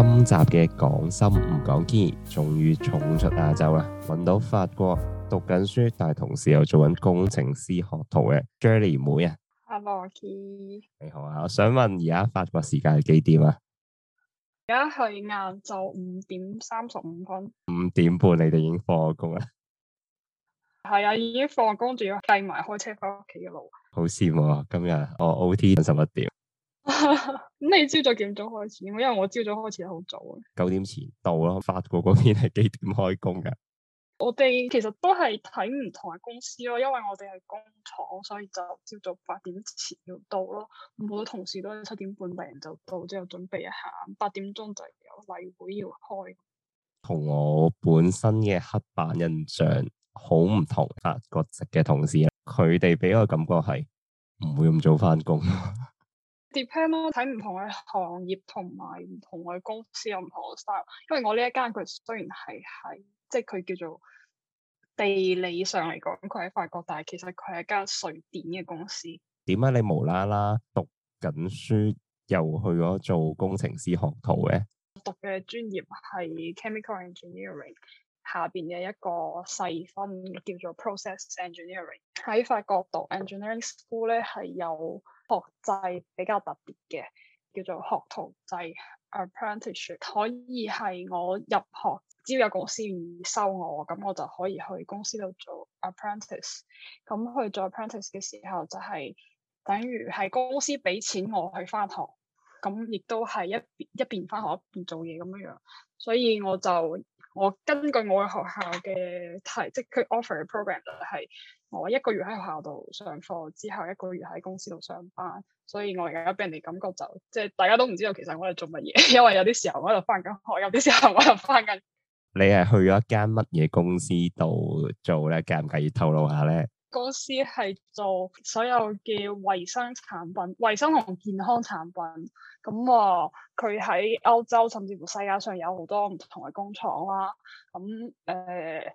今集嘅講心唔講堅，終於衝出亞洲啦！搵到法國讀緊書，但係同時又做緊工程師學徒嘅 Shirley 妹啊！Hello Kitty，你好啊！我想問而家法國時間係幾點啊？而家係晏晝五點三十五分，五點半你哋已經放工啦？係啊，已經放工，仲要計埋開車翻屋企嘅路。好羨慕啊！今日我 OT 到十一點。咁你朝早幾點鐘開始？因為我朝早開始好早啊，九點前到咯。法國嗰邊係幾點開工㗎？我哋其實都係睇唔同嘅公司咯，因為我哋係工廠，所以就朝早八點前要到咯。好多同事都七點半，啲人就到之後準備一下，八點鐘就有例會要開。同我本身嘅刻板印象好唔同，法國籍嘅同事啊，佢哋俾我感覺係唔會咁早返工。 depend 咯，睇唔同嘅行業同埋唔同嘅公司有唔同 style。因為我呢一間佢雖然係係，即係佢叫做地理上嚟講佢喺法國，但係其實佢係一間瑞典嘅公司。點解你無啦啦讀緊書又去咗做工程師學徒嘅？讀嘅專業係 chemical engineering 下邊嘅一個細分叫做 process engineering。喺法國讀 engineering school 咧，係有。學制比較特別嘅，叫做學徒制 （apprenticeship），可以係我入學，只要有公司願意收我，咁我就可以去公司度做 apprentice。咁去做 apprentice 嘅時候，就係，就係等於係公司俾錢我去翻學，咁亦都係一一邊翻學一邊做嘢咁樣樣。所以我就我根據我嘅學校嘅提，即係佢 offer 嘅 program 就係，係。我一個月喺學校度上課之後一個月喺公司度上班，所以我而家俾人哋感覺就即係大家都唔知道其實我喺度做乜嘢，因為有啲時候我喺度翻緊學，有啲時候我又翻緊。你係去咗一間乜嘢公司度做咧？介唔介意透露下咧？公司係做所有嘅衛生產品、衛生同健康產品，咁啊佢喺歐洲甚至乎世界上有好多唔同嘅工廠啦。咁誒。呃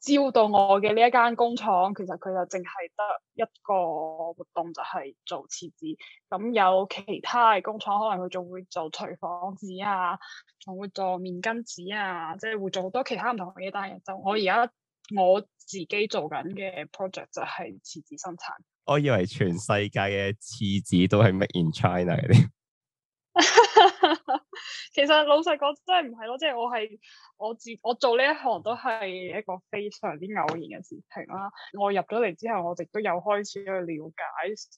招到我嘅呢一間工廠，其實佢就淨係得一個活動，就係、是、做廁紙。咁有其他嘅工廠，可能佢仲會做廚房紙啊，仲會做面巾紙啊，即、就、係、是、會做好多其他唔同嘅嘢。但係就我而家我自己做緊嘅 project 就係廁紙生產。我以為全世界嘅廁紙都係 made in China 嗰啲。其實老實講真係唔係咯，即係我係我自我做呢一行都係一個非常之偶然嘅事情啦。我入咗嚟之後，我亦都有開始去了解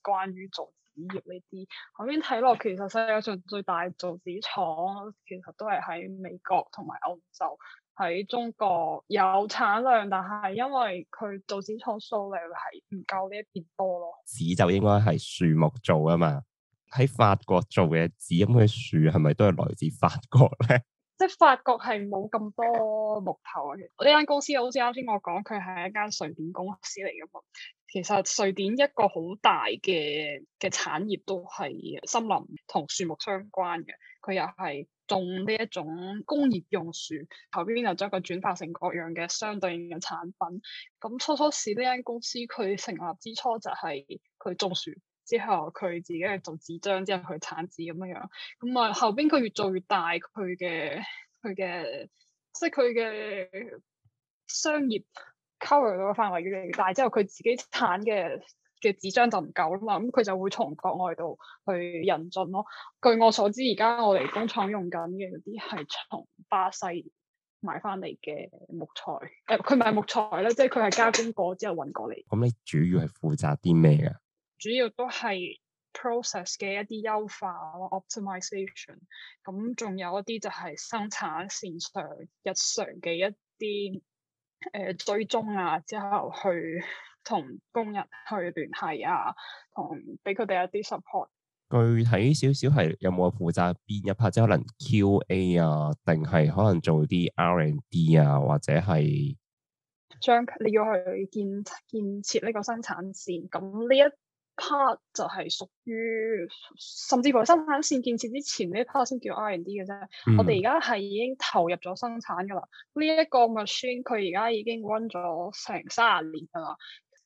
關於造紙業呢啲。後邊睇落，其實世界上最大造紙廠其實都係喺美國同埋歐洲，喺中國有產量，但係因為佢造紙廠數量係唔夠呢一邊多咯。紙就應該係樹木做噶嘛。喺法國做嘅紙咁嘅樹係咪都係來自法國咧？即係法國係冇咁多木頭啊！其實呢間公司好似啱先我講，佢係一間瑞典公司嚟噶嘛。其實瑞典一個好大嘅嘅產業都係森林同樹木相關嘅。佢又係種呢一種工業用樹，後邊就將佢轉化成各樣嘅相對應嘅產品。咁初初時呢間公司佢成立之初就係佢種樹。之後佢自己去做紙張，之後佢產紙咁樣樣，咁、嗯、啊後邊佢越做越大，佢嘅佢嘅即係佢嘅商業 cover 個範圍越嚟越大，之後佢自己產嘅嘅紙張就唔夠啦嘛，咁、嗯、佢就會從國外度去引進咯。據我所知，而家我哋工廠用緊嘅嗰啲係從巴西買翻嚟嘅木材，誒、呃，佢買木材咧，即係佢係加工過之後運過嚟。咁你主要係負責啲咩啊？主要都係 process 嘅一啲優化 optimization 咁仲有一啲就係生產線上日常嘅一啲誒、呃、追蹤啊，之後去同工人去聯繫啊，同俾佢哋一啲 support。具體少少係有冇負責邊一 part？即係可能 QA 啊，定係可能做啲 R&D 啊，或者係將你要去建建設呢個生產線，咁呢一 part 就係屬於，甚至乎生產線建設之前呢 part 先叫 R&D 嘅啫。Mm. 我哋而家係已經投入咗生產噶啦。呢、這、一個 machine，佢而家已經 run 咗成三十年噶啦。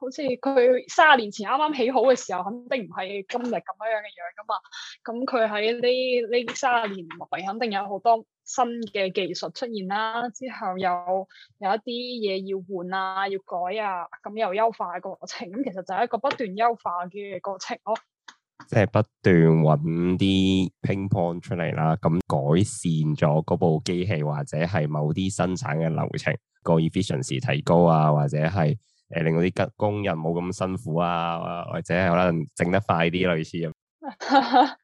好似佢卅年前啱啱起好嘅時候，肯定唔係今日咁樣樣嘅樣噶嘛。咁佢喺呢呢卅年嚟，肯定有好多新嘅技術出現啦。之後有有一啲嘢要換啊，要改啊，咁、嗯、又優化過程。咁其實就係一個不斷優化嘅過程咯。即係不斷揾啲 pain point 出嚟啦，咁改善咗嗰部機器或者係某啲生產嘅流程，個 efficiency 提高啊，或者係。誒、呃，令嗰啲吉工人冇咁辛苦啊，或者可能整得快啲，類似咁。誒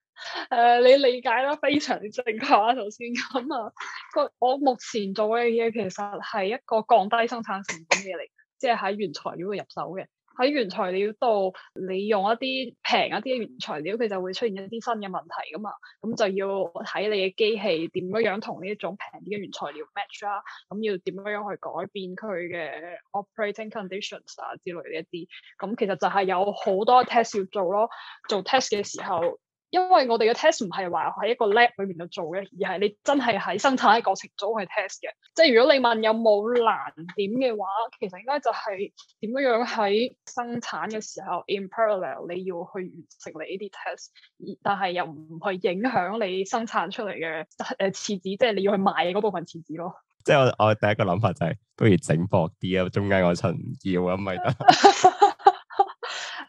呃，你理解啦，非常之正確啊。頭先咁啊，個 我目前做嘅嘢其實係一個降低生產成本嘅嚟，即係喺原材料度入手嘅。喺原材料度，你用一啲平一啲嘅原材料，佢就會出現一啲新嘅問題噶嘛。咁就要睇你嘅機器點樣樣同呢一種平啲嘅原材料 match 啦、啊。咁要點樣樣去改變佢嘅 operating conditions 啊之類嘅一啲。咁其實就係有好多 test 要做咯。做 test 嘅時候。因為我哋嘅 test 唔係話喺一個 lab 裏面度做嘅，而係你真係喺生產嘅過程中去 test 嘅。即係如果你問有冇難點嘅話，其實應該就係點樣樣喺生產嘅時候 in parallel 你要去完成你呢啲 test，但係又唔去影響你生產出嚟嘅誒廁紙，即係你要去賣嘅部分廁紙咯。即係我我第一個諗法就係、是，不如整薄啲啊，中間嗰層唔要啊，咪得。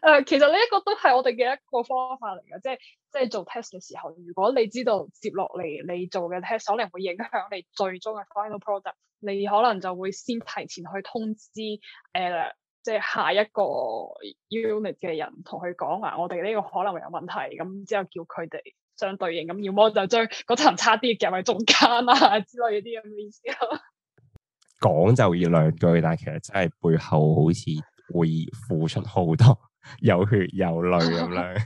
誒，uh, 其實呢一個都係我哋嘅一個方法嚟嘅，即係即係做 test 嘅時候，如果你知道接落嚟你做嘅 test 可能會影響你最終嘅 final product，你可能就會先提前去通知誒、呃，即係下一個 unit 嘅人同佢講啊，我哋呢個可能會有問題，咁之後叫佢哋相對應，咁要麼就將嗰層差啲夾喺中間啊之類嗰啲咁嘅意思咯。講就要兩句，但係其實真係背後好似會付出好多。有血有淚咁樣，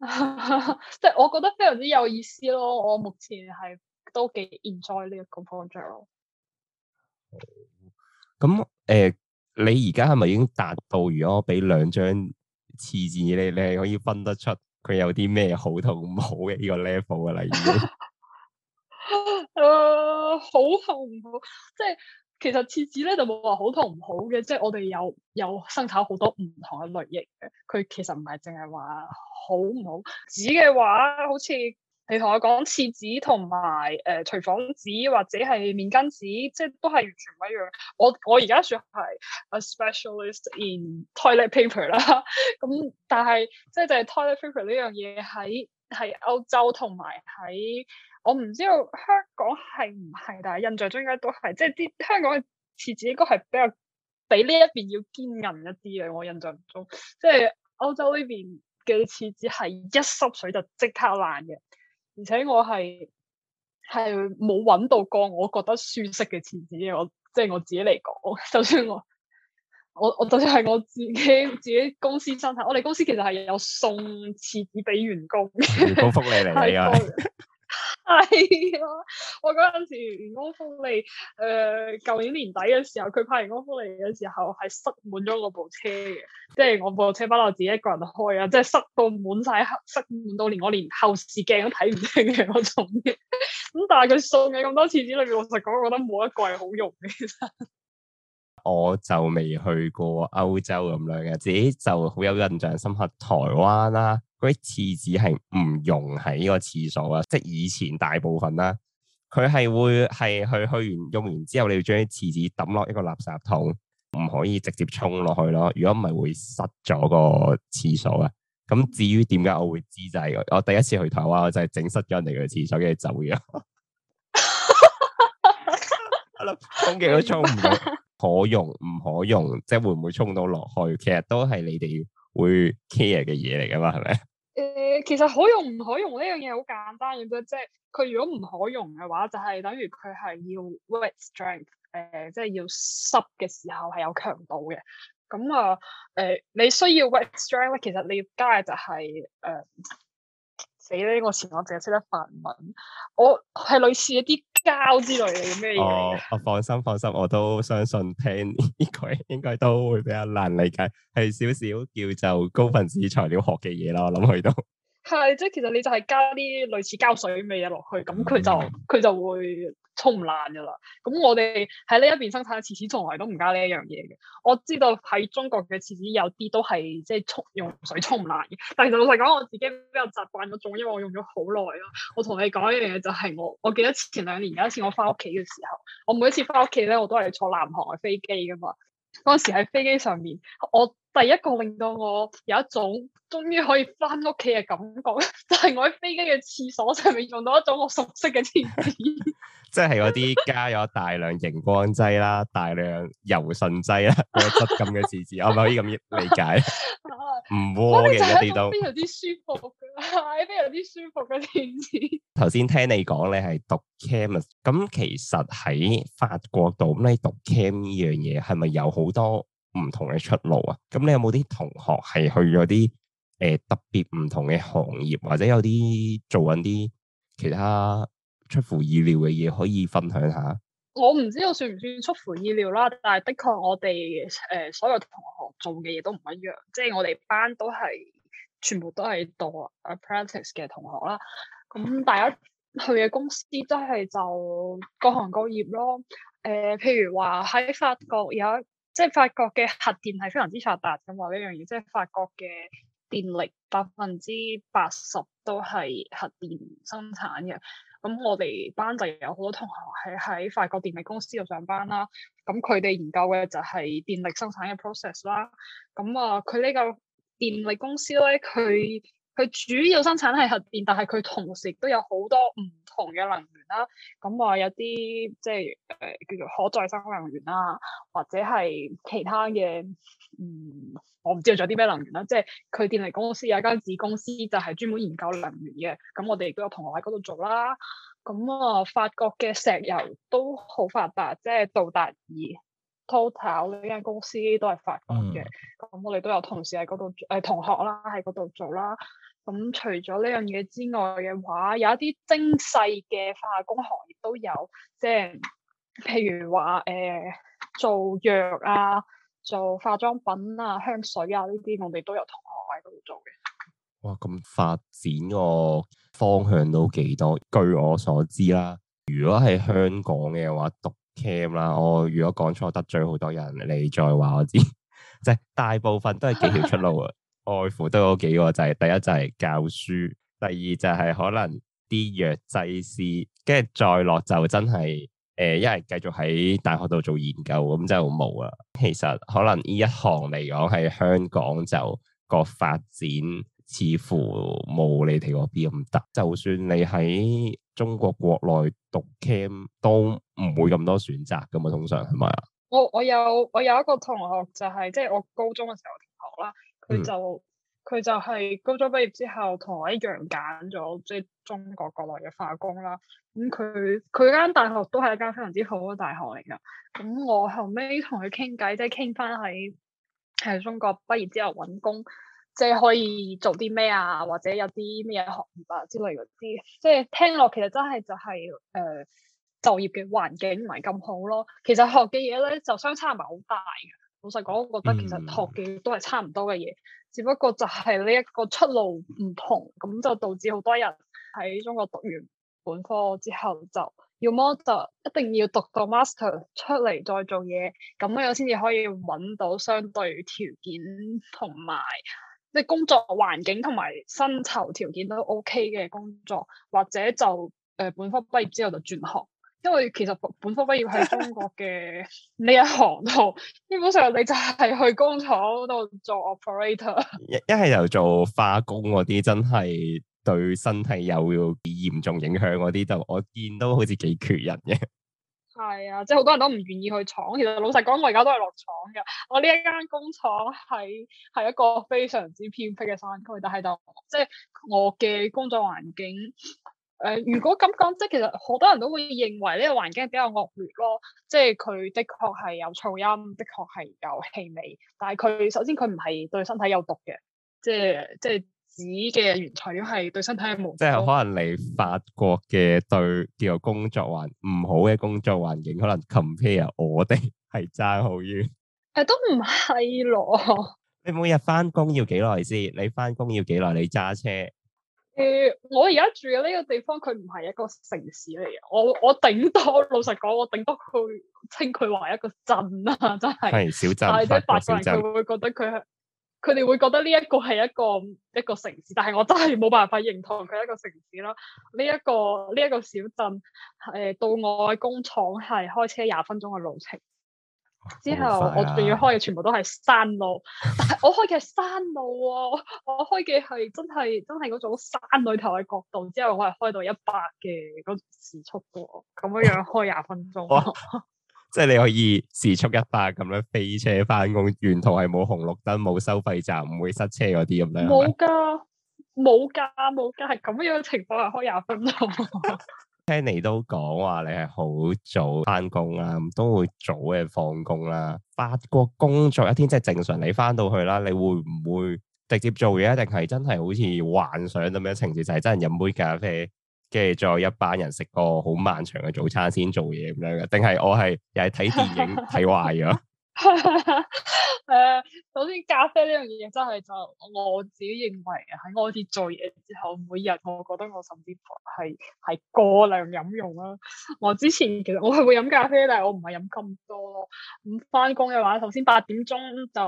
即係 我覺得非常之有意思咯。我目前係都幾 enjoy 呢一個 project 咯。咁、嗯、誒、嗯嗯，你而家係咪已經達到？如果我俾兩張廁紙你，你係可以分得出佢有啲咩好同唔好嘅呢個 level 嘅、啊、例如，啊，好恐怖即係。其實廁紙咧就冇話好同唔好嘅，即係我哋有有生產好多唔同嘅類型嘅，佢其實唔係淨係話好唔好，紙嘅話，好似你同我講廁紙同埋誒廚房紙或者係面巾紙,即係都係完全唔一樣。我我而家算係 a specialist in toilet paper 啦，咁 但係即係就係 toilet paper 呢樣嘢喺喺歐洲同埋喺。我唔知道香港係唔係，但係印象中應該都係，即係啲香港嘅廁紙應該係比較比呢一邊要堅韌一啲嘅。我印象中，即係歐洲呢邊嘅廁紙係一濕水就即刻爛嘅。而且我係係冇搵到過我覺得舒適嘅廁紙嘅。我即係我自己嚟講，就算我我我就算係我自己自己公司生產，我哋公司其實係有送廁紙俾員工，員工福利嚟嘅。係啊！ 我嗰陣時員工福利，誒、呃，舊年年底嘅時候，佢派員工福利嘅時候，係塞滿咗我部車嘅，即係我部車不嬲自己一個人開啊，即係塞到滿晒黑，塞滿到連我連後視鏡都睇唔清嘅嗰種嘅。咁但係佢送嘅咁多廁紙裏面，老實講，我覺得冇一個係好用嘅。其實我就未去過歐洲咁樣嘅，自己就好有印象深刻台灣啦、啊。嗰啲廁紙係唔用喺呢個廁所啊，即係以前大部分啦，佢係會係去去完用完之後，你要將啲廁紙抌落一個垃圾桶，唔可以直接沖落去咯。如果唔係會塞咗個廁所啊。咁至於點解我會知就係，我第一次去台灣我就係整塞咗人哋個廁所跟住走咗。哈！ 哈！哈！哈！哈！哈！哈！哈！哈！哈！哈！哈！哈！哈！唔哈！沖到落去？其實都係你哋會 care 嘅嘢嚟噶嘛，係咪？誒，其實可用唔可用呢樣嘢好簡單嘅啫，即係佢如果唔可用嘅話，就係、是、等於佢係要 wet strength，誒、呃，即係要濕嘅時候係有強度嘅。咁、嗯、啊，誒、呃，你需要 wet strength 咧，其實你要加嘅就係、是、誒、死、呃、啦！個前，我前我淨係識得法文，我係類似一啲。膠之類嘅咩嘢？哦，我放心，放心，我都相信聽呢句應該都會比較難理解，係少少叫做高分子材料學嘅嘢囉，我諗佢都。係，即係其實你就係加啲類似膠水咁嘅嘢落去，咁佢就佢就會沖唔爛噶啦。咁我哋喺呢一邊生產廁紙，從來都唔加呢一樣嘢嘅。我知道喺中國嘅廁紙有啲都係即係沖用水沖唔爛嘅，但係其實老實講，我自己比較習慣嗰種，因為我用咗好耐咯。我同你講一樣嘢就係我，我記得前兩年有一次我翻屋企嘅時候，我每一次翻屋企咧，我都係坐南航嘅飛機噶嘛。嗰時喺飛機上面。我。第一個令到我有一種終於可以翻屋企嘅感覺，就係、是、我喺飛機嘅廁所上面用到一種我熟悉嘅廁紙，即係嗰啲加咗大量熒光劑啦、大量柔順劑啦嗰質、那個、感嘅廁紙， 我咪可以咁理解？唔喎，其實都非常之舒服嘅，係非常之舒服嘅廁紙。頭先聽你講你係讀 chemist，咁其實喺法國度咁你讀 chem 呢樣嘢係咪有好多？唔同嘅出路啊！咁你有冇啲同學係去咗啲誒特別唔同嘅行業，或者有啲做緊啲其他出乎意料嘅嘢可以分享下？我唔知道算唔算出乎意料啦，但係的確我哋誒、呃、所有同學做嘅嘢都唔一樣，即係我哋班都係全部都係做 apprentice 嘅同學啦。咁大家去嘅公司都係就各行各業咯。誒、呃，譬如話喺法國有一。即係法國嘅核電係非常之發達嘅，呢樣嘢。即係法國嘅電力百分之八十都係核電生產嘅。咁我哋班就有好多同學係喺法國電力公司度上班啦。咁佢哋研究嘅就係電力生產嘅 process 啦。咁啊，佢呢個電力公司咧，佢。佢主要生產係核電，但係佢同時都有好多唔同嘅能源啦、啊。咁、嗯、話有啲即係誒、呃、叫做可再生能源啦、啊，或者係其他嘅嗯，我唔知道仲有啲咩能源啦、啊。即係佢電力公司有一間子公司就係專門研究能源嘅。咁、嗯、我哋亦都有同學喺嗰度做啦、啊。咁、嗯、啊，法國嘅石油都好發達，即係道達爾 （Total） 呢間公司都係法國嘅。咁、嗯嗯嗯、我哋都有同事喺嗰度誒同學啦、啊，喺嗰度做啦。咁、嗯、除咗呢樣嘢之外嘅話，有一啲精細嘅化工行業都有，即係譬如話誒、呃、做藥啊，做化妝品啊、香水啊呢啲，我哋都有同學喺度做嘅。哇，咁發展個方向都幾多。據我所知啦，如果係香港嘅話，讀 Cam 啦，我如果講錯得罪好多人，你再話我知，即 係大部分都係幾條出路啊。 外乎都嗰幾個就係，第一就係教書，第二就係可能啲藥劑師，跟住再落就真係誒、呃，一係繼續喺大學度做研究咁，就冇啦。其實可能呢一行嚟講，喺香港就個發展似乎冇你哋嗰邊咁得。就算你喺中國國內讀 Cam 都唔會咁多選擇咁嘛，通常係咪啊？我我有我有一個同學就係即係我高中嘅時候同學啦。佢、嗯、就佢就係高中畢業之後同我一樣揀咗即係中國國內嘅化工啦。咁佢佢間大學都係一間非常之好嘅大學嚟噶。咁我後尾同佢傾偈，即係傾翻喺係中國畢業之後揾工，即係可以做啲咩啊，或者有啲咩嘢行業啊之類嗰啲。即係聽落其實真係就係誒、就係呃、就業嘅環境唔係咁好咯。其實學嘅嘢咧就相差唔係好大嘅。老實講，我覺得其實學嘅都係差唔多嘅嘢，嗯、只不過就係呢一個出路唔同，咁就導致好多人喺中國讀完本科之後就要，要麼就一定要讀到 master 出嚟再做嘢，咁樣先至可以搵到相對條件同埋即係工作環境同埋薪酬條件都 OK 嘅工作，或者就誒、呃、本科畢業之後就轉學。因為其實本科畢業喺中國嘅呢一行度， 基本上你就係去工廠度做 operator。一係又做化工嗰啲，真係對身體有嚴重影響嗰啲，就我見到好似幾缺人嘅。係啊，即係好多人都唔願意去廠。其實老實講，我而家都係落廠嘅。我呢一間工廠喺係一個非常之偏僻嘅山區，但係就即係我嘅工作環境。誒、呃，如果咁講，即係其實好多人都會認為呢個環境比較惡劣咯。即係佢的確係有噪音，的確係有氣味，但係佢首先佢唔係對身體有毒嘅，即係即係紙嘅原材料係對身體係無。即係可能你法國嘅對叫做工作環唔好嘅工作環境，可能 compare 我哋係爭好遠。誒，都唔係咯。你每日翻工要幾耐先？你翻工要幾耐？你揸車？誒，我而家住嘅呢個地方，佢唔係一個城市嚟嘅。我我頂多老實講，我頂多去稱佢話一個鎮啦。真係，小鎮，但係即係法國小鎮，法國人，佢會覺得佢佢哋會覺得呢一個係一個一個城市，但係我真係冇辦法認同佢一個城市啦。呢一個呢一個小鎮，誒、呃，到我嘅工廠係開車廿分鐘嘅路程。之後我仲要開嘅全部都係山路， 但係我開嘅係山路喎、哦，我開嘅係真係真係嗰種山裏頭嘅角度。之後我係開到一百嘅嗰時速噶、哦，咁樣樣開廿分鐘 哇。 即係你可以時速一百咁樣飛車翻工，沿途係冇紅綠燈、冇收費站、唔會塞車嗰啲咁咧。冇噶的，冇噶吧，冇噶，係咁樣樣情況下開廿分鐘。 聽你都講話、啊，你係好早翻工啦，都會早嘅放工啦。發覺工作一天即係正常，你翻到去啦，你會唔會直接做嘢，一定係真係好似幻想咁樣情節，就係真係飲杯咖啡，跟住再有一班人食個好漫長嘅早餐先做嘢咁樣嘅？定係我係又係睇電影睇壞咗？ 誒、 呃，首先咖啡呢樣嘢真係就我自己認為喺我好似做嘢之後，每日我覺得我甚至係係過量飲用啦。我之前其實我係會飲咖啡，但係我唔係飲咁多咯。咁翻工嘅話，頭先八點鐘就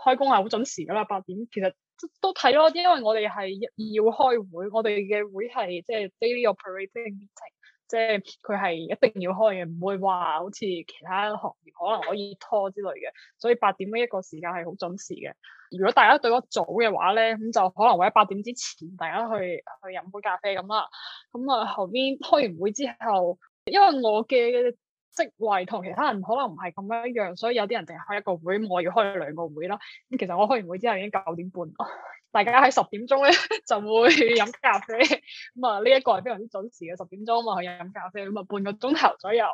開工係好準時噶啦。八點其實都睇咯，因為我哋係要開會，我哋嘅會係即係 daily operation meeting 即係佢係一定要開嘅，唔會話好似其他行業可能可以拖之類嘅，所以八點呢一個時間係好準時嘅。如果大家對我早嘅話咧，咁就可能會喺八點之前大家去去飲杯咖啡咁啦。咁啊、嗯，後邊開完會之後，因為我嘅職位同其他人可能唔係咁樣一樣，所以有啲人淨係開一個會，我要開兩個會啦。咁其實我開完會之後已經九點半，大家喺十點鐘咧就會飲咖啡。咁、嗯、啊，呢、這、一個係非常之準時嘅十點鐘啊嘛去飲咖啡，咁、嗯、啊半個鐘頭左右，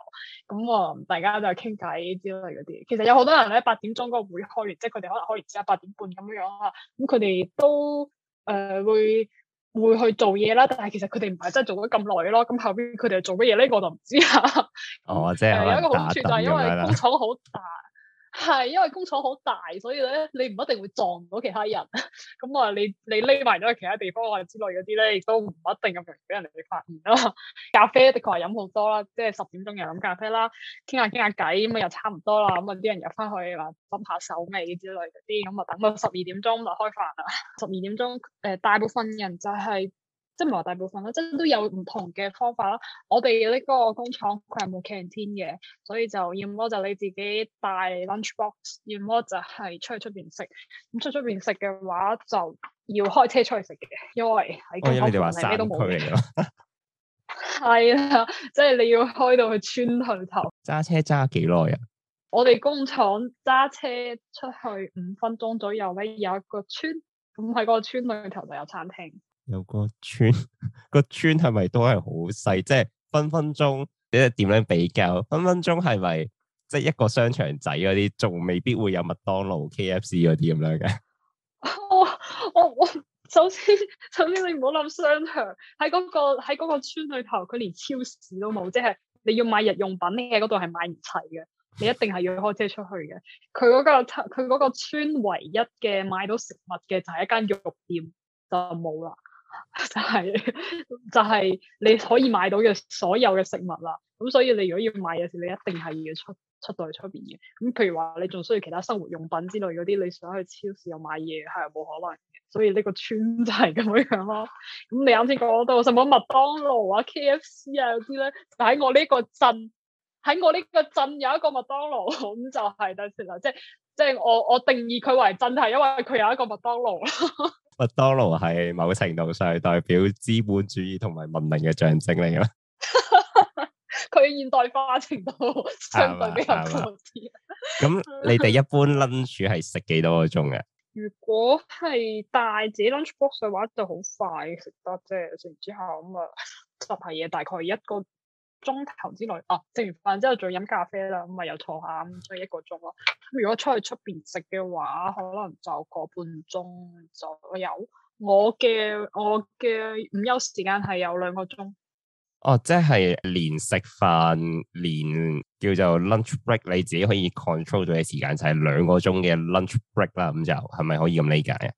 咁、嗯、啊大家就傾偈之類嗰啲。其實有好多人咧八點鐘個會開完，即係佢哋可能開完之後八點半咁樣樣啦。咁佢哋都誒、呃、會。會去做嘢啦，但係其實佢哋唔係真係做咗咁耐咯。咁後邊佢哋做乜嘢呢？這個、我就唔知啦。哦，即係有一個好處就係因為工廠好大。 係，因為工廠好大，所以咧你唔一定會撞到其他人。咁 啊，你你匿埋咗去其他地方啊之類嗰啲咧，亦都唔一定咁容易俾人哋去發現啦。 咖啡的確係飲好多啦，即係十點鐘又飲咖啡啦，傾下傾下偈，咁啊又差唔多啦。咁啊啲人入翻去啊，執下手尾之類嗰啲，咁啊等到十二點鐘就開飯啦。十二點鐘，誒、呃、大部分人就係、是。即係唔係話大部分啦，即係都有唔同嘅方法啦。我哋呢個工廠佢係冇 canteen 嘅，所以就，要麼就你自己帶 lunchbox，要麼就係出去出邊食。咁出出邊食嘅話，就要開車出去食嘅，因為喺工廠附近咩都冇嘅。係啊， 即係你要開到去村去頭。揸車揸幾耐啊？我哋工廠揸車出去五分鐘左右咧，有一個村，咁喺個村裡頭就有餐廳。有個村，個村係咪都係好細？即係分分鐘，你哋點樣比較？分分鐘係咪即係一個商場仔嗰啲，仲未必會有麥當勞、K F C 嗰啲咁樣嘅？我我我首先首先你唔好諗商場，喺嗰個喺嗰個村裏頭，佢連超市都冇，即係你要買日用品你喺嗰度係買唔齊嘅，你一定係要開車出去嘅。佢嗰個佢嗰個村唯一嘅買到食物嘅就係一間肉店，就冇啦。就係、是、就係、是、你可以買到嘅所有嘅食物啦，咁所以你如果要買嘢時，你一定係要出出到去出邊嘅。咁譬如話你仲需要其他生活用品之類嗰啲，你想去超市又買嘢係冇可能嘅。所以呢個村就係咁樣樣咯。咁你啱先講到什麼麥當勞啊、K F C 啊嗰啲咧，喺我呢個鎮，喺我呢個鎮有一個麥當勞，咁就係得先啦。即係即係我我定義佢為鎮，係因為佢有一個麥當勞。 麥當勞係某程度上代表資本主義同埋文明嘅象徵嚟嘅。佢 現代化程度相對比較高啲。咁 你哋一般 lunch 係食幾多個鐘嘅？如果係帶自己 lunch box 嘅話，就好快食得啫。食完之後咁啊，執下嘢，大概一個。鐘頭之類，啊，食完飯之後再飲咖啡啦，咁咪又坐下，咁所以一個鐘咯。如果出去出邊食嘅話，可能就個半鐘左右。我嘅我嘅午休時間係有兩個鐘。哦，即係連食飯連叫做 lunch break，你自己可以 control 到嘅時間就係、是、兩個鐘嘅 lunch break 啦。咁就係咪可以咁理解啊？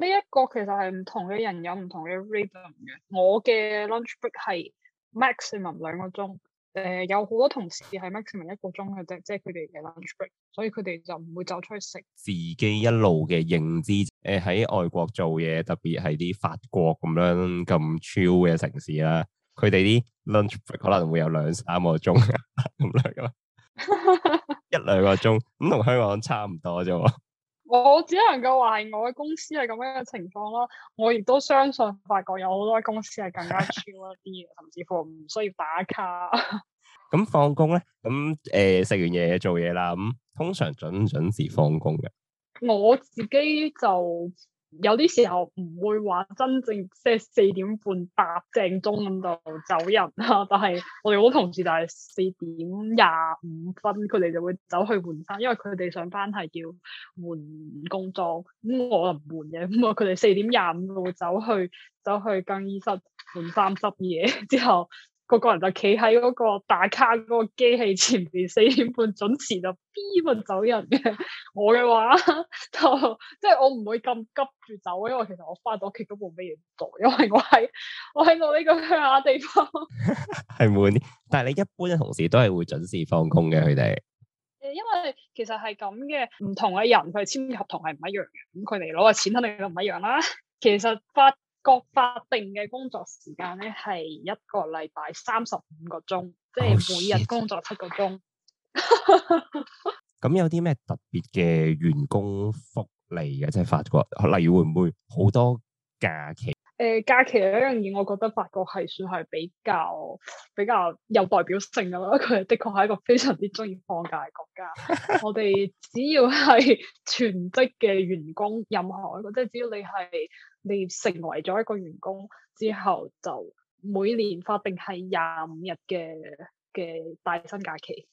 呢一個其實係唔同嘅人有唔同嘅 rhythm 嘅。我嘅 lunch break 係。maximum 兩個鐘，誒、呃，有好多同事係 maximum 一個鐘嘅啫，即係佢哋嘅 lunch break，所以佢哋就唔會走出去食。自己一路嘅認知，誒、呃，喺外國做嘢，特別係啲法國咁樣咁 chill 嘅城市啦，佢哋啲 lunch break 可能會有兩三個鐘，咁 樣一兩個鐘，咁同 香港差唔多啫。我只能夠話係我嘅公司係咁樣嘅情況啦，我亦都相信法國有好多公司係更加 chill 一啲， 甚至乎唔需要打卡。咁放工咧，咁誒食完嘢做嘢啦，咁通常準唔準時放工嘅。我自己就。有啲時候唔會話真正即係四點半八正鐘咁度走人啦，但係我哋好同事就係四點廿五分，佢哋就會走去換衫，因為佢哋上班係要換工作，咁我就唔換嘅，咁啊佢哋四點廿五就會走去走去更衣室換衫執嘢之後。個個人就企喺嗰個打卡嗰個機器前邊，四點半準時就 B 運走人嘅。我嘅話，就即係我唔會咁急住走，因為其實我翻到屋企都冇咩嘢做，因為我喺我喺我呢個鄉下地方。係冇問題，但係你一般嘅同事都係會準時放工嘅，佢哋。誒，因為其實係咁嘅，唔同嘅人佢簽合同係唔一樣嘅，咁佢哋攞嘅錢肯定就唔一樣啦。其實發。國法定嘅工作時間咧係一個禮拜三十五個鐘，即係每日工作七個鐘。咁有啲咩特別嘅員工福利嘅？即係法國，例如會唔會好多假期？誒、呃，假期有一樣嘢，我覺得法國係算係比較比較有代表性噶啦，佢的確係一個非常之鍾意放假嘅國家。 我哋只要係全職嘅員工，任何一個即係只要你係你成為咗一個員工之後，就每年法定係廿五日嘅嘅帶薪假期，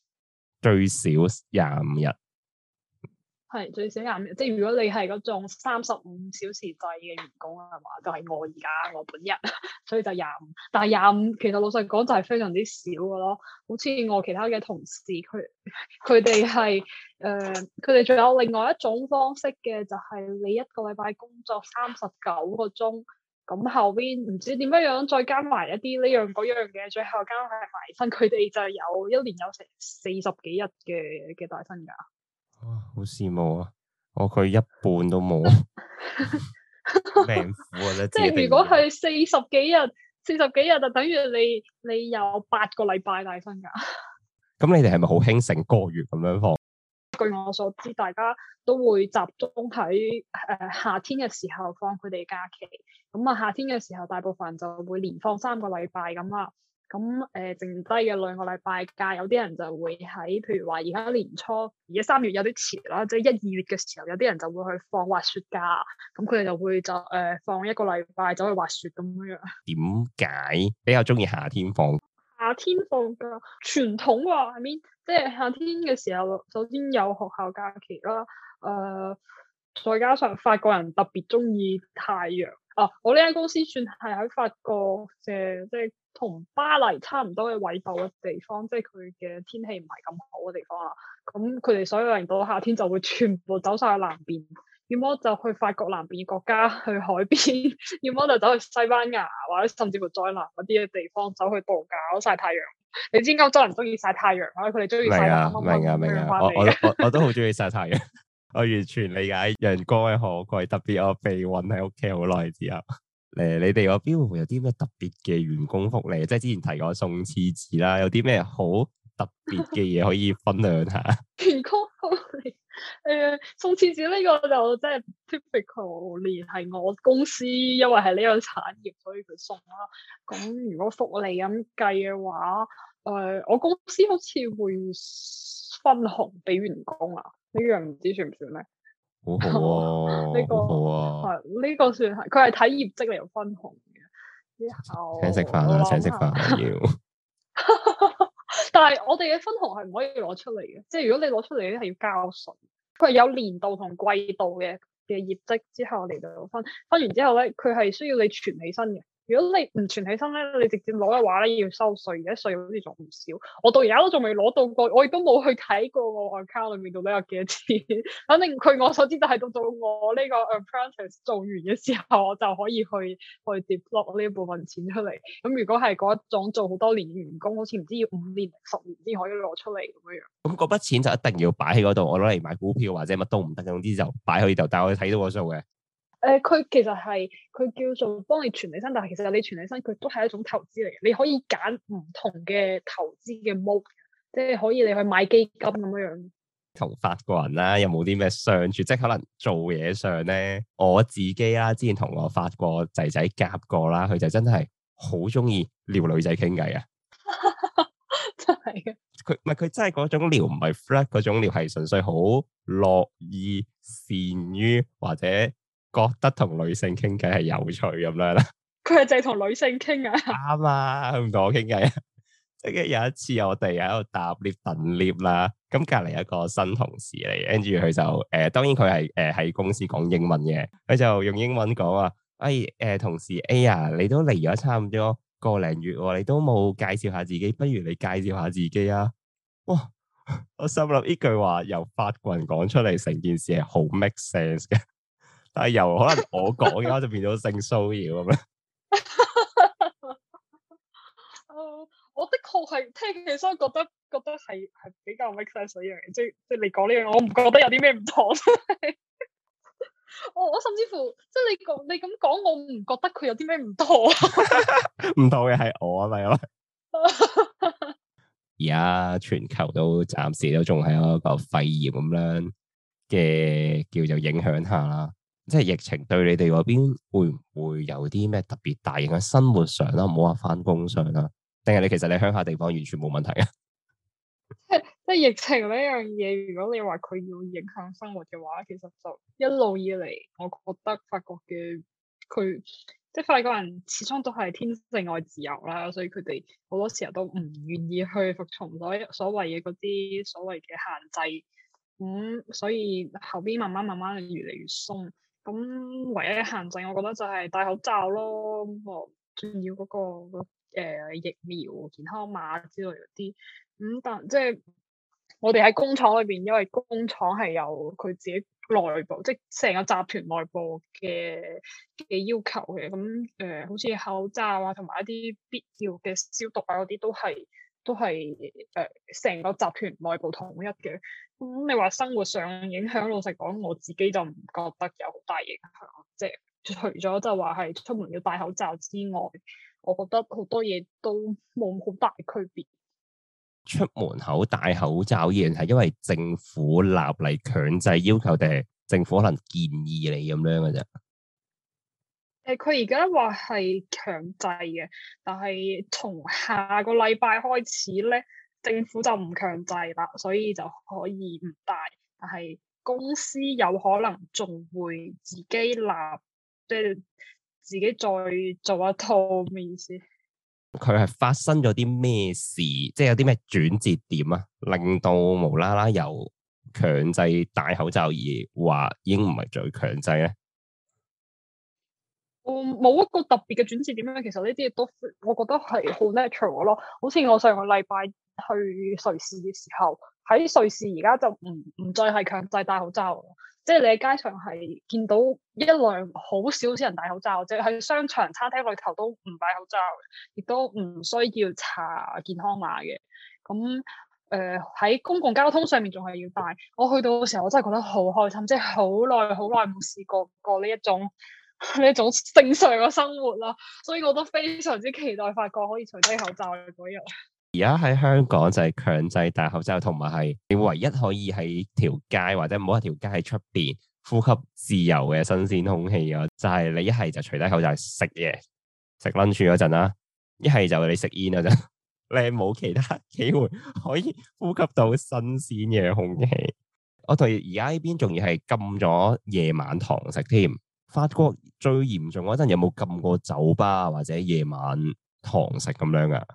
最少廿五日。係最少廿五，即係如果你係嗰種三十五小時制嘅員工啊，係嘛？就係我而家我本人，所以就廿五。但係廿五，其實老實講就係非常之少嘅咯。好似我其他嘅同事，佢佢哋係誒，佢哋仲有另外一種方式嘅，就係你一個禮拜工作三十九個鐘，咁後邊唔知點樣樣，再加埋一啲呢樣嗰樣嘅，最後加埋埋薪，佢哋就有一年有成四十幾日嘅嘅帶薪假。好羨慕啊！我、哦、佢一半都冇， 命苦啊！即係 如果係四十幾日，四十幾日就等於你你有八個禮拜大分噶。咁你哋係咪好興成個月咁樣放？據我所知，大家都會集中喺誒夏天嘅時候放佢哋假期。咁啊，夏天嘅時候，大部分人就會連放三個禮拜咁啦。咁誒、呃，剩低嘅兩個禮拜假，有啲人就會喺，譬如話而家年初，而家三月有啲遲啦，即係一二月嘅時候，有啲人就會去放滑雪假，咁佢哋就會就誒、呃、放一個禮拜走去滑雪咁樣。點解比較中意夏天放？夏天放㗎傳統係咪？I mean, 即係夏天嘅時候，首先有學校假期啦，誒、呃，再加上法國人特別中意太陽。啊！我呢間公司算係喺法國嘅、呃，即係同巴黎差唔多嘅緯度嘅地方，即係佢嘅天氣唔係咁好嘅地方啊。咁佢哋所有人到夏天就會全部走晒去南邊，要麼就去法國南邊嘅國家去海邊，要麼就走去西班牙或者甚至乎再南嗰啲嘅地方走去度假，曬太陽。你知歐洲人中意曬太陽，因為佢哋中意曬太陽。明啊，明啊，明啊。我我我，我都好中意曬太陽。 我完全理解人哥嘅可貴，特別我被韞喺屋企好耐之後，誒， 你哋嗰邊會唔會有啲咩特別嘅員工福利？即係之前提過送廁紙啦，有啲咩好特別嘅嘢可以分享下？員工福利誒，送廁紙呢個就即係 typical，連係我公司，因為係呢個產業，所以佢送啦，啊。咁如果福利咁計嘅話，誒、呃，我公司好似會。分紅俾員工啊！呢樣唔知算唔算咧？好好啊，呢、 呢個係呢、啊呢個算係，佢係睇業績嚟分紅嘅。之後請食飯啦！請食飯 要。 但係我哋嘅分紅係唔可以攞出嚟嘅，即、就、係、是、如果你攞出嚟咧係要交稅。佢係有年度同季度嘅嘅業績之後嚟到分，分完之後咧佢係需要你存起身嘅。如果你唔存起身咧，你直接攞嘅話咧要收稅，而家稅好似仲唔少。我到而家都仲未攞到過，我亦都冇去睇過我 account 裏面到底有幾多錢。反正據我所知，就係到到我呢個 apprentice 做完嘅時候，我就可以去去 develop 呢一部分錢出嚟。咁如果係嗰一種做好多年嘅員工，好似唔知要五年、十年先可以攞出嚟咁樣。咁嗰筆錢就一定要擺喺嗰度，我攞嚟買股票或者乜都唔得，總之就擺喺呢度。但係我睇到個數嘅。誒佢、呃、其實係佢叫做幫你存起身，但係其實你存起身佢都係一種投資嚟嘅。你可以揀唔同嘅投資嘅目的，即係可以你去買基金咁樣樣。同法國人啦、啊，有冇啲咩相處？即係可能做嘢上咧，我自己啦、啊，之前同我法國仔仔夾過啦，佢就真係好中意撩女仔傾偈啊！ 真係嘅的。佢唔係佢真係嗰種撩唔係 flex 嗰種撩，係純粹好樂意善於或者覺得同女性傾偈係有趣咁樣啦，佢係淨係同女性傾啊、嗯、啊，啱啊，佢唔同我傾偈啊。即係有一次我哋喺度搭 lift 等 lift 啦，咁隔籬一個新同事嚟，跟住佢就誒、呃，當然佢係誒喺公司講英文嘅，佢就用英文講啊，哎誒、呃，同事 A 啊、哎，你都嚟咗差唔多個零月、哦，你都冇介紹下自己，不如你介紹下自己啊，哇，我心諗呢句話由法國人講出嚟，成件事係好 make sense 嘅。但係又可能我講嘅話就變咗性騷擾咁樣。我的確係聽起身覺得覺得係係比較 make sense 咁樣即係即係你講呢樣，我唔覺得有啲咩唔妥。我我甚至乎即係你講你咁講，我唔覺得佢有啲咩唔妥。唔妥嘅係我咪咯。而家全球都暫時都仲係一個肺炎咁樣嘅叫做影響下啦。即係疫情對你哋嗰邊會唔會有啲咩特別大型嘅生活上啦，唔好話翻工上啦，定係你其實你鄉下地方完全冇問題啊？即係疫情呢樣嘢，如果你話佢要影響生活嘅話，其實就一路以嚟，我覺得法國嘅佢即係法國人始終都係天性愛自由啦，所以佢哋好多時候都唔願意去服從所謂所謂嘅嗰啲所謂嘅限制。咁、嗯、所以後邊慢慢慢慢越嚟越鬆。咁唯一嘅限制，我覺得就係戴口罩咯，咁仲要嗰、嗰個、呃、疫苗、健康碼之類嗰啲。咁、嗯、但即係我哋喺工廠裏邊，因為工廠係有佢自己內部，即係成個集團內部嘅嘅要求嘅。咁、嗯、誒，好、呃、似口罩啊，同埋一啲必要嘅消毒啊，嗰啲都係。都係誒，成、呃、個集團內部統一嘅。咁、嗯、你話生活上影響，老實講，我自己就唔覺得有好大影響。即係除咗就話係出門要戴口罩之外，我覺得好多嘢都冇好大區別。出門口戴口罩依樣係因為政府立例強制要求定係政府可能建議你咁樣嘅啫？誒，佢而家話係強制嘅，但係從下個禮拜開始咧，政府就唔強制啦，所以就可以唔戴。但係公司有可能仲會自己立，即係自己再做一套面試。佢係發生咗啲咩事？即係有啲咩轉折點啊？令到無啦啦又強制戴口罩而話已經唔係最強制咧？冇一個特別嘅轉折點樣，其實呢啲嘢都，我覺得係好 natural 咯。好似我上個禮拜去瑞士嘅時候，喺瑞士而家就唔唔再係強制戴口罩，即係你喺街上係見到一兩好少少人戴口罩，即係喺商場、餐廳裏頭都唔戴口罩，亦都唔需要查健康碼嘅。咁誒喺公共交通上面仲係要戴。我去到嘅時候，我真係覺得好開心，即係好耐好耐冇試過過呢一種。呢一種正常嘅生活咯，所以我都非常之期待法國可以除低口罩嗰日。而家喺香港就係強制戴口罩，同埋係你唯一可以喺條街或者唔好係條街喺出邊呼吸自由嘅新鮮空氣啊！就係、是、你一係就除低口罩食嘢，食 lunch 嗰陣啦；一係就你食煙嗰陣，你冇其他機會可以呼吸到新鮮嘅空氣。我同而家呢邊仲要係禁咗夜晚堂食添。法國最嚴重嗰陣有冇禁過酒吧或者夜晚堂食咁樣㗎？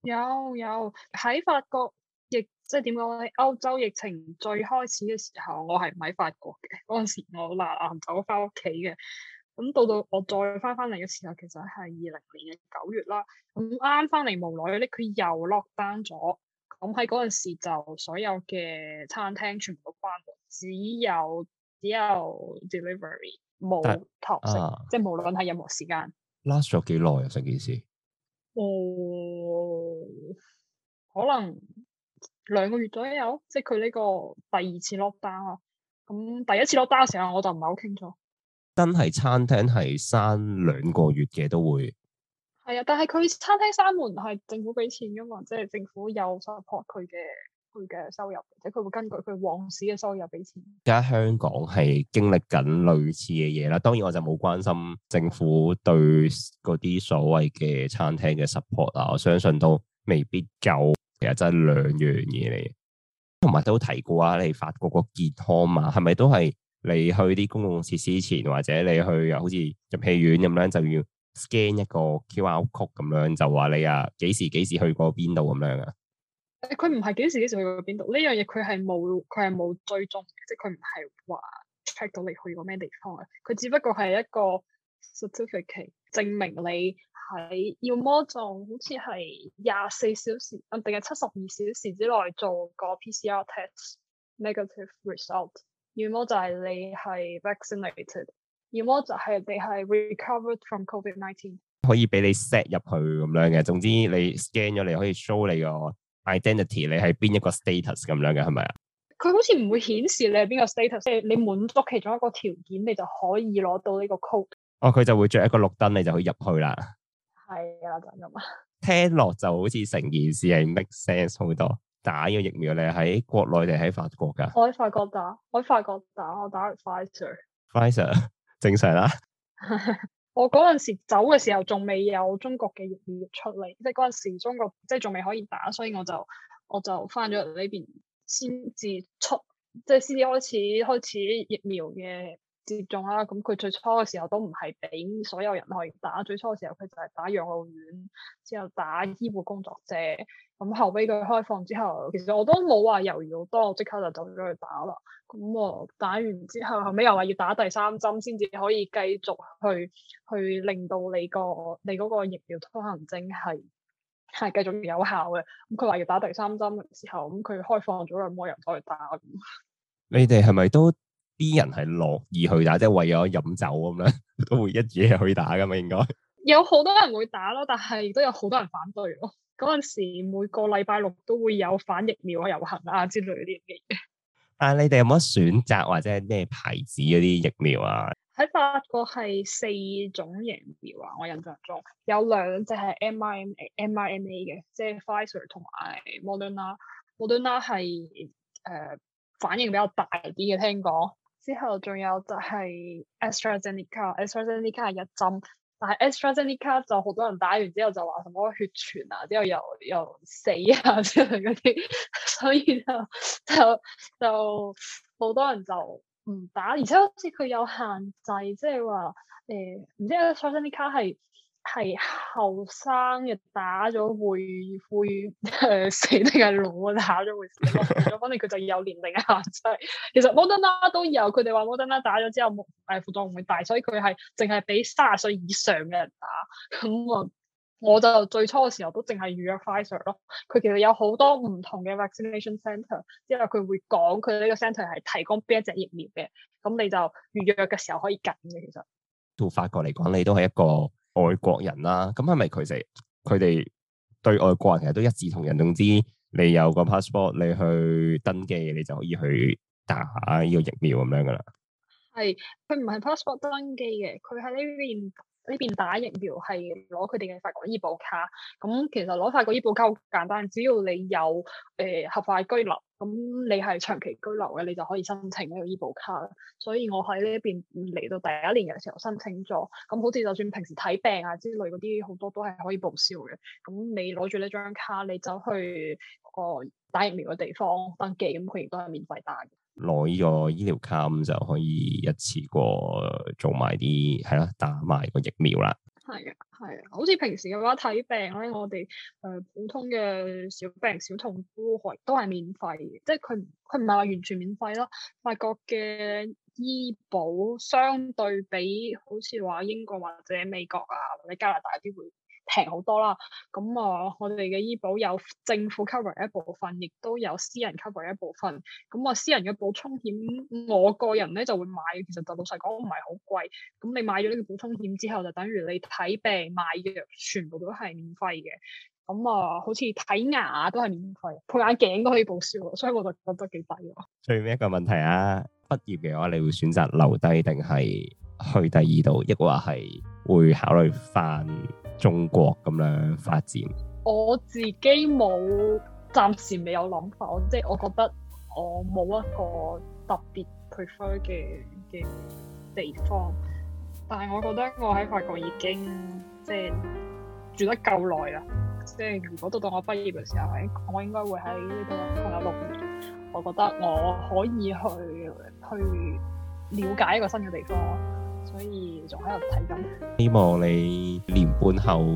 有有喺法國疫，即係點講？喺歐洲疫情最開始嘅時候，我係唔喺法國嘅。嗰陣時我嗱硬走返屋企嘅。咁到到我再返返嚟嘅時候，其實係二零年嘅九月啦。咁啱返嚟冇耐咧，佢又 lockdown 咗。咁喺嗰陣時就所有嘅餐廳全部都關門，只有只有 delivery。冇託協，食啊、即係無論係任何時間，last 咗幾耐啊？成件事，哦、嗯，可能兩個月左右，即係佢呢個第二次落單啊。咁第一次落單嘅時候，我就唔係好清楚。真係餐廳係閂兩個月嘅都會，係啊。但係佢餐廳閂門係政府俾錢噶嘛，即係政府有 support 佢嘅。佢嘅收入，或者佢會根據佢往時嘅收入俾錢。而家香港係經歷緊類似嘅嘢啦。當然我就冇關心政府對嗰啲所謂嘅餐廳嘅 support 啊。我相信都未必夠。其實真係兩樣嘢嚟。同埋都提過啊，你法國個健康碼係咪都係你去啲公共設施前，或者你去又好似入戲院咁樣，就要 scan 一個 QR code 咁樣，就話你啊幾時幾時去過邊度咁樣啊？佢唔係幾時幾時去過邊度，呢樣嘢，佢係冇佢係冇追蹤，即係佢唔係話 check 到你去過咩地方嘅，佢只不過係一個 certificate 證，證明你喺，要麼就好似係廿四小時啊定係七十二小時之內做個 PCR test negative result，要麼就係你係 vaccinated，要麼就係你係 recovered from Covid-19，可以俾你 set 入去咁樣嘅，總之你 scan 咗你可以 show 你個。identity 你係邊一個 status 咁樣嘅，係咪啊？佢好似唔會顯示你係邊個 status。即係你滿足其中一個條件，你就可以攞到呢個 code。哦，佢就會着一個綠燈，你就可以入去啦。係啊，就咁啊。聽落就好似成件事係 make sense 好多。打呢個疫苗你喺國內定喺法國噶？我喺法國打，我喺法國打，我打 Pfizer。Pfizer 正常啦。 我嗰陣時走嘅時候仲未有中國嘅疫苗出嚟，即係嗰陣時中國即係仲未可以打，所以我就我就翻咗嚟呢邊先至出，即係先至開始開始疫苗嘅。接種啦，咁佢最初嘅時候都唔係俾所有人去打，最初嘅時候佢就係打養老院，之後打醫護工作者。咁、嗯、後尾佢開放之後，其實我都冇話猶豫好多，我即刻就走咗去打啦。咁、嗯、我打完之後，後尾又話要打第三針先至可以繼續去去令到你個你個疫苗通行證係係繼續有效嘅。咁佢話要打第三針嘅時候，咁、嗯、佢開放咗兩波人再去打。你哋係咪都？啲人係樂意去打，即係為咗飲酒咁樣，都會一嘢去打噶嘛？應該有好多人會打咯，但係亦都有好多人反對咯。嗰陣時每個禮拜六都會有反疫苗啊、遊行啊之類嗰啲嘅嘢。但係你哋有冇得選擇或者係咩牌子嗰啲疫苗啊？喺法國係四種疫苗啊，我印象中有兩隻係 m i m、就是、m i m a 嘅，即係 Pfizer 同埋 Moderna。Moderna 係誒反應比較大啲嘅，聽講。之後仲有就係 AstraZeneca，AstraZeneca 係一針，但係 AstraZeneca 就好多人打完之後就話什麼血栓啊，之後又又死啊之類嗰啲，所以就就就好多人就唔打，而且好似佢有限制，即係話誒唔知 AstraZeneca 係。係後生嘅打咗會會、呃、死打會死定係老打咗會死咯，反正佢就要有年齡限制。其實 Moderna 都有，佢哋話 Moderna 打咗之後誒副作用唔會大，所以佢係淨係俾卅歲以上嘅人打。咁、嗯、我我就最初嘅時候都淨係預約 Pfizer 咯。佢其實有好多唔同嘅 vaccination center，之後佢會講佢呢個 centre 係提供邊一隻疫苗嘅。咁你就預約嘅時候可以揀嘅。其實到法國嚟講，你都係一個。外國人啦，咁係咪佢哋、佢哋對外國人其實都一視同仁，總之你有個 passport 你去登記，你就可以去打下呢個疫苗咁樣噶啦。係，佢唔係 passport 登記嘅，佢喺呢邊。呢邊打疫苗係攞佢哋嘅法國醫保卡，咁其實攞法國醫保卡好簡單，只要你有誒、呃、合法居留，咁你係長期居留嘅，你就可以申請呢個醫保卡。所以我喺呢邊嚟到第一年嘅時候申請咗，咁好似就算平時睇病啊之類嗰啲，好多都係可以報銷嘅。咁你攞住呢張卡，你走去嗰個打疫苗嘅地方登記，咁佢亦都係免費打嘅。攞依個醫療卡咁就可以一次過做埋啲係囉，打埋個疫苗啦。係啊，係啊，好似平時嘅話睇病咧，我哋誒、呃、普通嘅小病小痛都係免費，即係佢佢唔係話完全免費囉。法國嘅醫保相對比好似話英國或者美國啊或者加拿大啲會，平好多啦，咁、嗯、啊，我哋嘅醫保有政府 cover 一部分，亦都有私人 cover 一部分。咁、嗯、啊，私人嘅補充險，我個人咧就會買。其實就老實講，唔係好貴。咁、嗯、你買咗呢個補充險之後，就等於你睇病買藥全部都係免費嘅。咁、嗯、啊、嗯，好似睇牙都係免費，配眼鏡都可以報銷。所以我就覺得幾抵。最尾一個問題啊，畢業嘅話你會選擇留低定係去第二度？亦或係會考慮翻？中國咁樣發展，我自己冇，暫時未有諗法。即係我覺得我冇一個特別 prefer 嘅嘅地方，但係我覺得我喺法國已經即係住得夠耐啦。即係如果到到我畢業嘅時候，我應該會喺呢度仲有六年。我覺得我可以去去了解一個新嘅地方。所以仲喺度睇緊。希望你年半後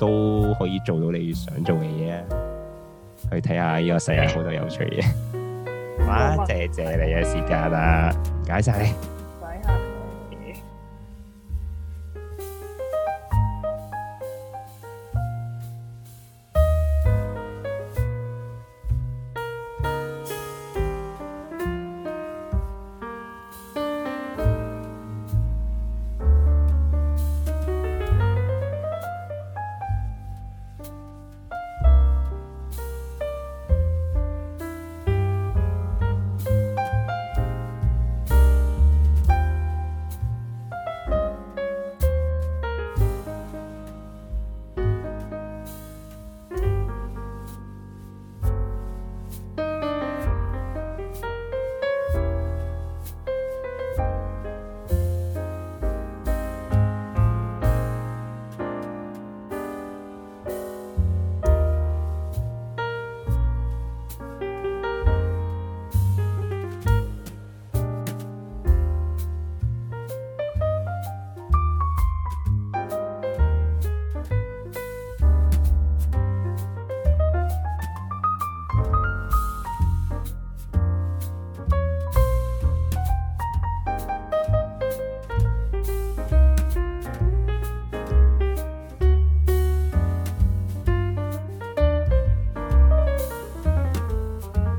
都可以做到你想做嘅嘢，去睇下呢個世界好多有趣嘢。好啊，謝謝你嘅時間啊，唔該晒你。